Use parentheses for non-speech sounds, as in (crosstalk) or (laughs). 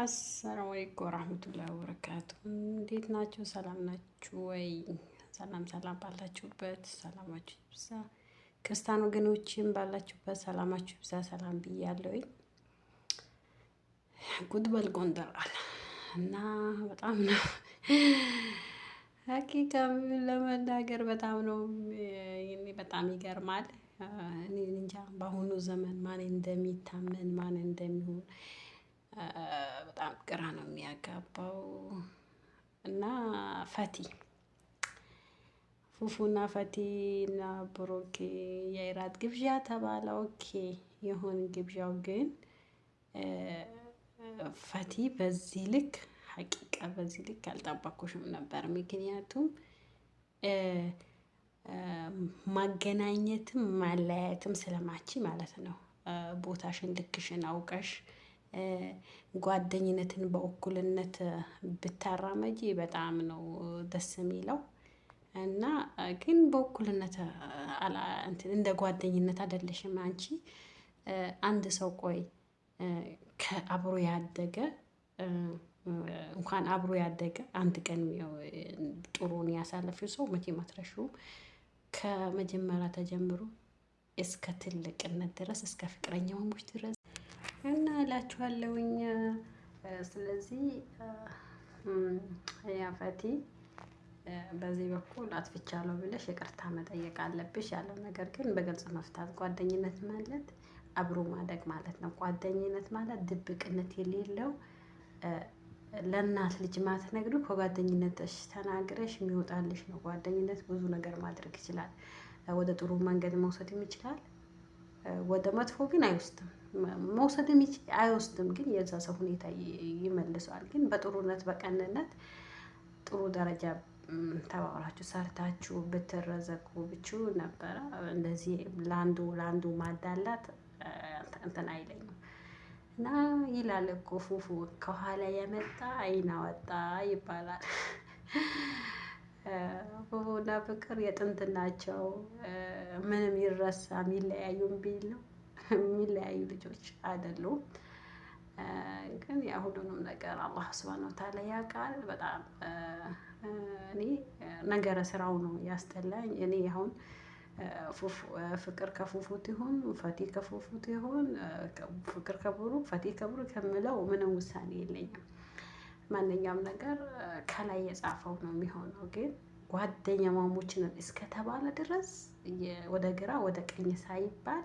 አሰላሙ አለይኩም ወራህመቱላሂ ወበረካቱ። እንዴት ናችሁ? ሰላም ናችሁ ወይ? ሰላም ሰላም፣ ባላችሁበት ሰላማችሁ ይብዛ። ክርስቲያን ወገኖችም ባላችሁበት ሰላማችሁ ይብዛ። ሰላም ብያለሁ። ጉድ በል ጎንደር አለ እና በጣም ነው ሀቂቃ ለመናገር በጣም ነው እኔ በጣም ይገርማል። እኔ እንጃ በአሁኑ ዘመን ማን እንደሚታመን ማን እንደሚሆን በጣም ግራ ነው የሚያጋባው። እና ፈቲ ፉፉና ፈቲና ብሩኬ የእራት ግብዣ ተባለ። ኦኬ የሆን ግብዣው ግን ፈቲ በዚህ ልክ ሀቂቃ በዚህ ልክ አልጠበኩሽም ነበር። ምክንያቱም ማገናኘትም ማለያየትም ስለማቺ ማለት ነው ቦታሽን ልክሽን አውቀሽ ጓደኝነትን በእኩልነት ብታራመጂ በጣም ነው ደስ የሚለው። እና ግን በእኩልነት እንደ ጓደኝነት አይደለሽም አንቺ አንድ ሰው ቆይ ከአብሮ ያደገ እንኳን አብሮ ያደገ አንድ ቀን ጥሩን ያሳለፍሽው ሰው መቼ አትረሺውም። ከመጀመሪያ ተጀምሮ እስከ ትልቅነት ድረስ እስከ ፍቅረኛ ወንቦች ድረስ እና እላችኋለሁኝ። ስለዚህ ያፈቲ በዚህ በኩል አጥፍቻለሁ ብለሽ ይቅርታ መጠየቅ አለብሽ ያለው ነገር ግን በግልጽ መፍታት ጓደኝነት ማለት አብሮ ማደግ ማለት ነው። ጓደኝነት ማለት ድብቅነት የሌለው ለእናት ልጅ ማትነግሪው ከጓደኝነትሽ ተናግረሽ የሚወጣልሽ ነው። ጓደኝነት ብዙ ነገር ማድረግ ይችላል። ወደ ጥሩ መንገድ መውሰድም ይችላል። ወደ መጥፎ ግን አይወስድም። መውሰድም አይወስድም፣ ግን የዛ ሰው ሁኔታ ይመልሰዋል። ግን በጥሩነት በቀንነት ጥሩ ደረጃ ተባብራችሁ ሰርታችሁ ብትረዘቁ ብቹ ነበረ። እንደዚህ ለአንዱ ለአንዱ ማዳላት እንትን አይለኝም እና ይላል እኮ ፉፉ ከኋላ የመጣ አይናወጣ ይባላል። እና ፍቅር የጥንት ናቸው። ምንም ይረሳ የሚለያዩም ቢል ነው (laughs) የሚለያዩ ልጆች አይደሉም። ግን ያ ሁሉንም ነገር አላህ ስብሃነ ወተዓላ ያውቃል። በጣም እኔ ነገረ ስራው ነው ያስጠላኝ። እኔ አሁን ፍቅር ከፉፉት ይሁን ፈቴ ከፉፉት ይሁን ፍቅር ከብሩ ፈቴ ከብሩ ከምለው ምንም ውሳኔ የለኝም። ማንኛውም ነገር ከላይ የጻፈው ነው የሚሆነው ግን ጓደኛ ማሞች ነን እስከተባለ ድረስ ወደ ግራ ወደ ቀኝ ሳይባል